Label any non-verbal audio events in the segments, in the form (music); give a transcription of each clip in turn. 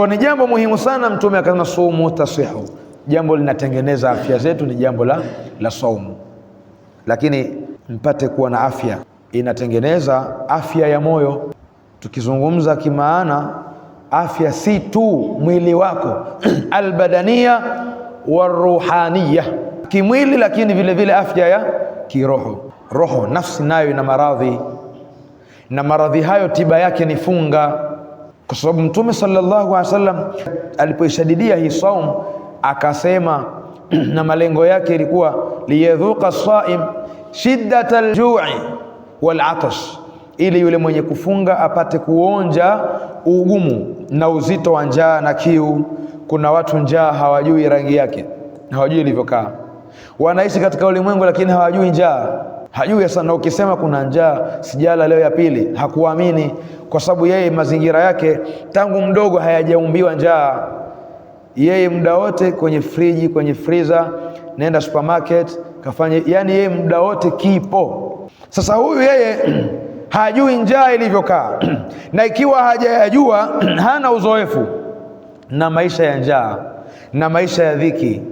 Kwa ni jambo muhimu sana, Mtume akasema sumu tasihu, jambo linatengeneza afya zetu ni jambo la, la saumu. Lakini mpate kuwa na afya, inatengeneza afya ya moyo. Tukizungumza kimaana, afya si tu mwili wako (clears throat) albadania waruhania, kimwili, lakini vile vile afya ya kiroho, roho nafsi nayo ina maradhi, na maradhi hayo tiba yake ni funga kwa sababu Mtume sallallahu alaihi wasallam alipoishadidia hii saum akasema, (clears throat) na malengo yake ilikuwa liyadhuka saim shiddat aljui wal atash, ili yule mwenye kufunga apate kuonja ugumu na uzito wa njaa na kiu. Kuna watu njaa hawajui rangi yake, hawajui ilivyokaa, wanaishi katika ulimwengu lakini hawajui njaa hajui sasa. Na ukisema kuna njaa, sijala leo ya pili, hakuamini kwa sababu yeye mazingira yake tangu mdogo hayajaumbiwa njaa. Yeye muda wote kwenye friji, kwenye freezer, nenda supermarket kafanye, yani yeye muda wote kipo. Sasa huyu yeye (clears throat) hajui njaa ilivyokaa (clears throat) na ikiwa hajayajua (clears throat) hana uzoefu na maisha ya njaa na maisha ya dhiki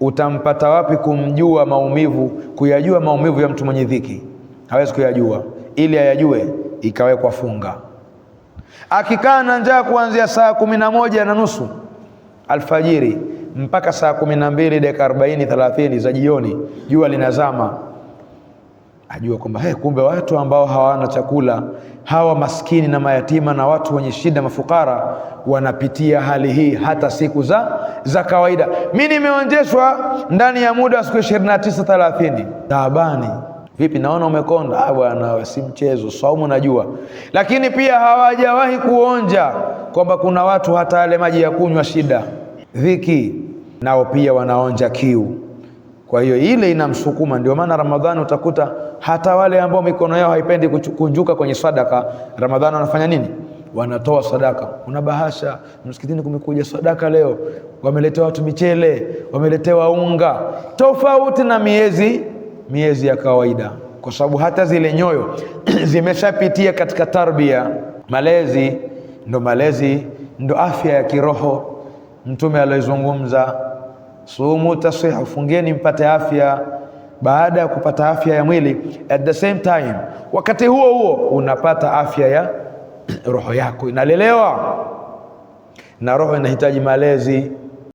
utampata wapi kumjua maumivu, kuyajua maumivu ya mtu mwenye dhiki? Hawezi kuyajua. Ili ayajue, ikawekwa funga. Akikaa na njaa kuanzia saa kumi na moja na nusu alfajiri mpaka saa kumi na mbili dakika arobaini thelathini za jioni, jua linazama, ajua kwamba hey, kumbe watu ambao hawana chakula hawa maskini na mayatima na watu wenye shida, mafukara, wanapitia hali hii hata siku za za kawaida. Mimi nimeonjeshwa ndani ya muda wa siku 29 30. Taabani vipi? Naona umekonda. Ah bwana, si mchezo, saumu najua, lakini pia hawajawahi kuonja kwamba kuna watu hata yale maji ya kunywa shida, dhiki, nao pia wanaonja kiu. Kwa hiyo ile inamsukuma. Ndio maana Ramadhani utakuta hata wale ambao mikono yao haipendi kunjuka kwenye sadaka, Ramadhani wanafanya nini? wanatoa sadaka. Kuna bahasha msikitini, kumekuja sadaka leo, wameletea watu michele, wameletewa unga, tofauti na miezi miezi ya kawaida, kwa sababu hata zile nyoyo (clears throat) zimeshapitia katika tarbia, malezi. Ndo malezi ndo afya ya kiroho. Mtume aliyezungumza sumu tasiha, fungeni mpate afya baada ya kupata afya ya mwili, at the same time, wakati huo huo unapata afya ya (clears throat) roho yako inalelewa na roho inahitaji malezi.